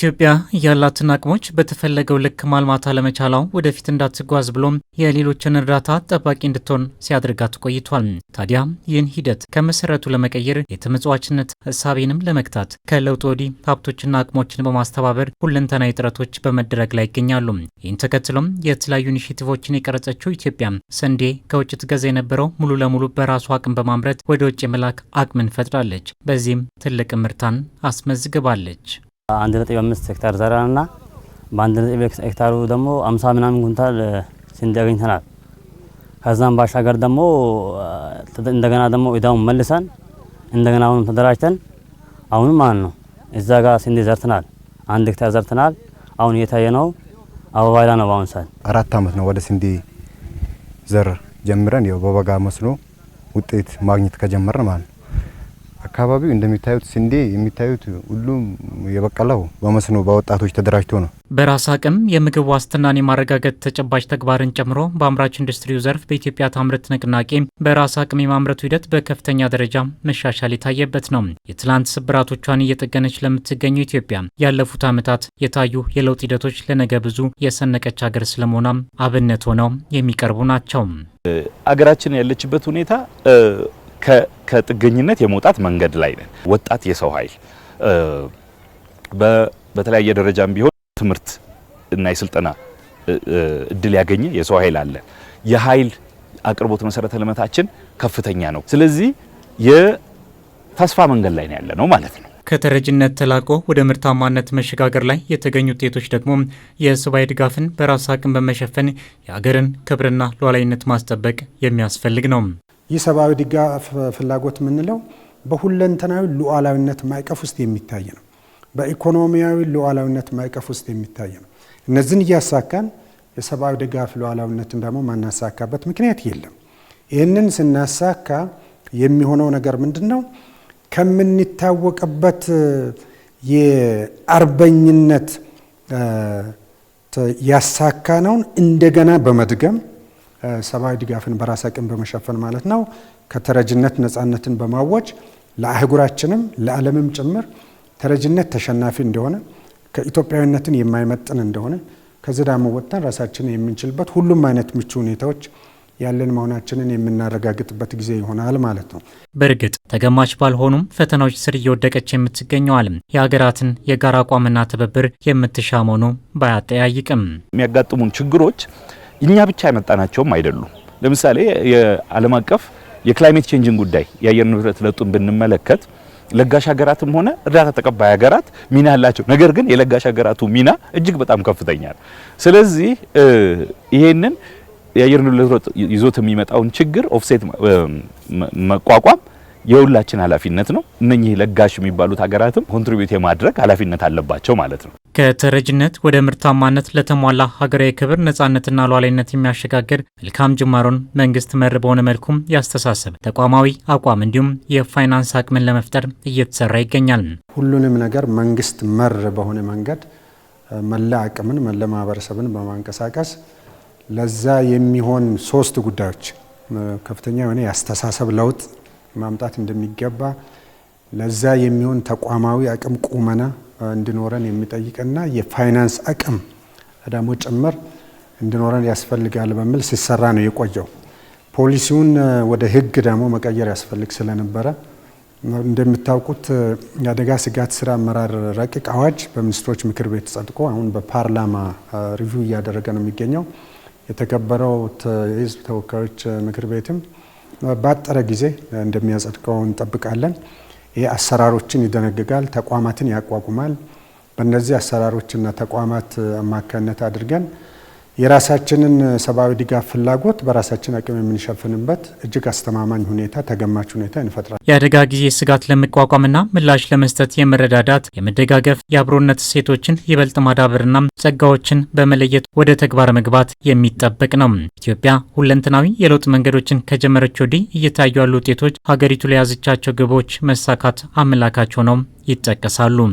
ኢትዮጵያ ያላትን አቅሞች በተፈለገው ልክ ማልማት አለመቻሏ ወደፊት እንዳትጓዝ ብሎም የሌሎችን እርዳታ ጠባቂ እንድትሆን ሲያደርጋት ቆይቷል። ታዲያ ይህን ሂደት ከመሰረቱ ለመቀየር የተመጽዋችነት እሳቤንም ለመግታት ከለውጥ ወዲህ ሀብቶችና አቅሞችን በማስተባበር ሁለንተናዊ ጥረቶች በመደረግ ላይ ይገኛሉ። ይህን ተከትሎም የተለያዩ ኢኒሽቲቮችን የቀረጸችው ኢትዮጵያ ስንዴ ከውጭ ትገዛ የነበረው ሙሉ ለሙሉ በራሱ አቅም በማምረት ወደ ውጭ የመላክ አቅምን ፈጥራለች። በዚህም ትልቅ ምርታን አስመዝግባለች። አንድ ነጥብ አምስት ሄክታር ዘራንና በአንድ ነጥብ ሄክታሩ ደግሞ አምሳ ምናምን ኩንታል ስንዴ አግኝተናል። ከዛም ባሻገር ደግሞ እንደገና ደግሞ እዳውን መልሰን እንደገና አሁንም ተደራጅተን አሁንም ማለት ነው እዛ ጋር ስንዴ ዘርተናል። አንድ ሄክታር ዘርተናል። አሁን እየታየ ነው። አበባ ላይ ነው። በአሁኑ ሰዓት አራት አመት ነው ወደ ስንዴ ዘር ጀምረን ያው በበጋ መስኖ ውጤት ማግኘት ከጀመረን ማለት ነው። አካባቢው እንደሚታዩት ስንዴ የሚታዩት ሁሉም የበቀለው በመስኖ በወጣቶች ተደራጅቶ ነው። በራስ አቅም የምግብ ዋስትናን የማረጋገጥ ተጨባጭ ተግባርን ጨምሮ በአምራች ኢንዱስትሪው ዘርፍ በኢትዮጵያ ታምርት ንቅናቄ በራስ አቅም የማምረቱ ሂደት በከፍተኛ ደረጃ መሻሻል የታየበት ነው። የትላንት ስብራቶቿን እየጠገነች ለምትገኘው ኢትዮጵያ ያለፉት ዓመታት የታዩ የለውጥ ሂደቶች ለነገ ብዙ የሰነቀች ሀገር ስለመሆኗም አብነት ሆነው የሚቀርቡ ናቸው። አገራችን ያለችበት ሁኔታ ከጥገኝነት የመውጣት መንገድ ላይ ነን። ወጣት የሰው ኃይል በተለያየ ደረጃም ቢሆን ትምህርት እና የስልጠና እድል ያገኘ የሰው ኃይል አለ። የኃይል አቅርቦት መሰረተ ልማታችን ከፍተኛ ነው። ስለዚህ የተስፋ መንገድ ላይ ያለ ነው ማለት ነው። ከተረጅነት ተላቆ ወደ ምርታማነት መሸጋገር ላይ የተገኙ ውጤቶች ደግሞ የሰብአዊ ድጋፍን በራስ አቅም በመሸፈን የሀገርን ክብርና ሉዓላዊነት ማስጠበቅ የሚያስፈልግ ነው። ይህ ሰብአዊ ድጋፍ ፍላጎት የምንለው በሁለንተናዊ ሉዓላዊነት ማዕቀፍ ውስጥ የሚታይ ነው። በኢኮኖሚያዊ ሉዓላዊነት ማዕቀፍ ውስጥ የሚታይ ነው። እነዚህን እያሳካን የሰብአዊ ድጋፍ ሉዓላዊነትን ደግሞ ማናሳካበት ምክንያት የለም። ይህንን ስናሳካ የሚሆነው ነገር ምንድን ነው? ከምንታወቅበት የአርበኝነት ያሳካነውን እንደገና በመድገም ሰብአዊ ድጋፍን በራስ አቅም በመሸፈን ማለት ነው። ከተረጅነት ነፃነትን በማወጅ ለአህጉራችንም ለዓለምም ጭምር ተረጅነት ተሸናፊ እንደሆነ ከኢትዮጵያዊነትን የማይመጥን እንደሆነ ከዚህ ዳሞ ወጥተን ራሳችንን የምንችልበት ሁሉም አይነት ምቹ ሁኔታዎች ያለን መሆናችንን የምናረጋግጥበት ጊዜ ይሆናል ማለት ነው። በእርግጥ ተገማች ባልሆኑም ፈተናዎች ስር እየወደቀች የምትገኘው ዓለም የሀገራትን የጋራ አቋምና ትብብር የምትሻ መሆኑ ባያጠያይቅም የሚያጋጥሙን ችግሮች እኛ ብቻ ያመጣናቸውም አይደሉም። ለምሳሌ የዓለም አቀፍ የክላይሜት ቼንጅን ጉዳይ የአየር ንብረት ለውጡን ብንመለከት ለጋሽ ሀገራትም ሆነ እርዳታ ተቀባይ ሀገራት ሚና አላቸው ነገር ግን የለጋሽ ሀገራቱ ሚና እጅግ በጣም ከፍተኛ ነው። ስለዚህ ይሄንን የአየር ንብረት ለውጥ ይዞት የሚመጣውን ችግር ኦፍሴት መቋቋም የሁላችን ኃላፊነት ነው። እነኚህ ለጋሽ የሚባሉት ሀገራትም ኮንትሪቢዩት የማድረግ ኃላፊነት አለባቸው ማለት ነው። ከተረጅነት ወደ ምርታማነት ለተሟላ ሀገራዊ ክብር ነጻነትና ሉዓላዊነት የሚያሸጋግር መልካም ጅማሮን መንግስት መር በሆነ መልኩም ያስተሳሰብ ተቋማዊ አቋም እንዲሁም የፋይናንስ አቅምን ለመፍጠር እየተሰራ ይገኛል። ሁሉንም ነገር መንግስት መር በሆነ መንገድ መላ አቅምን መላ ማህበረሰብን በማንቀሳቀስ ለዛ የሚሆን ሶስት ጉዳዮች ከፍተኛ የሆነ የአስተሳሰብ ለውጥ ማምጣት እንደሚገባ ለዛ የሚሆን ተቋማዊ አቅም ቁመና እንዲኖረን የሚጠይቅና የፋይናንስ አቅም ደግሞ ጭምር እንዲኖረን ያስፈልጋል በሚል ሲሰራ ነው የቆየው። ፖሊሲውን ወደ ህግ ደግሞ መቀየር ያስፈልግ ስለነበረ እንደምታውቁት የአደጋ ስጋት ስራ አመራር ረቂቅ አዋጅ በሚኒስትሮች ምክር ቤት ጸድቆ አሁን በፓርላማ ሪቪው እያደረገ ነው የሚገኘው። የተከበረው የህዝብ ተወካዮች ምክር ቤትም ባጠረ ጊዜ እንደሚያጸድቀው እንጠብቃለን። ይህ አሰራሮችን ይደነግጋል፣ ተቋማትን ያቋቁማል። በእነዚህ አሰራሮችና ተቋማት አማካኝነት አድርገን የራሳችንን ሰብአዊ ድጋፍ ፍላጎት በራሳችን አቅም የምንሸፍንበት እጅግ አስተማማኝ ሁኔታ ተገማች ሁኔታ እንፈጥራል። የአደጋ ጊዜ ስጋት ለመቋቋምና ምላሽ ለመስጠት የመረዳዳት፣ የመደጋገፍ፣ የአብሮነት እሴቶችን ይበልጥ ማዳበርና ጸጋዎችን በመለየት ወደ ተግባር መግባት የሚጠበቅ ነው። ኢትዮጵያ ሁለንተናዊ የለውጥ መንገዶችን ከጀመረች ወዲህ እየታዩ ያሉ ውጤቶች ሀገሪቱ ለያዘቻቸው ግቦች መሳካት አመላካቸው ነው ይጠቀሳሉ።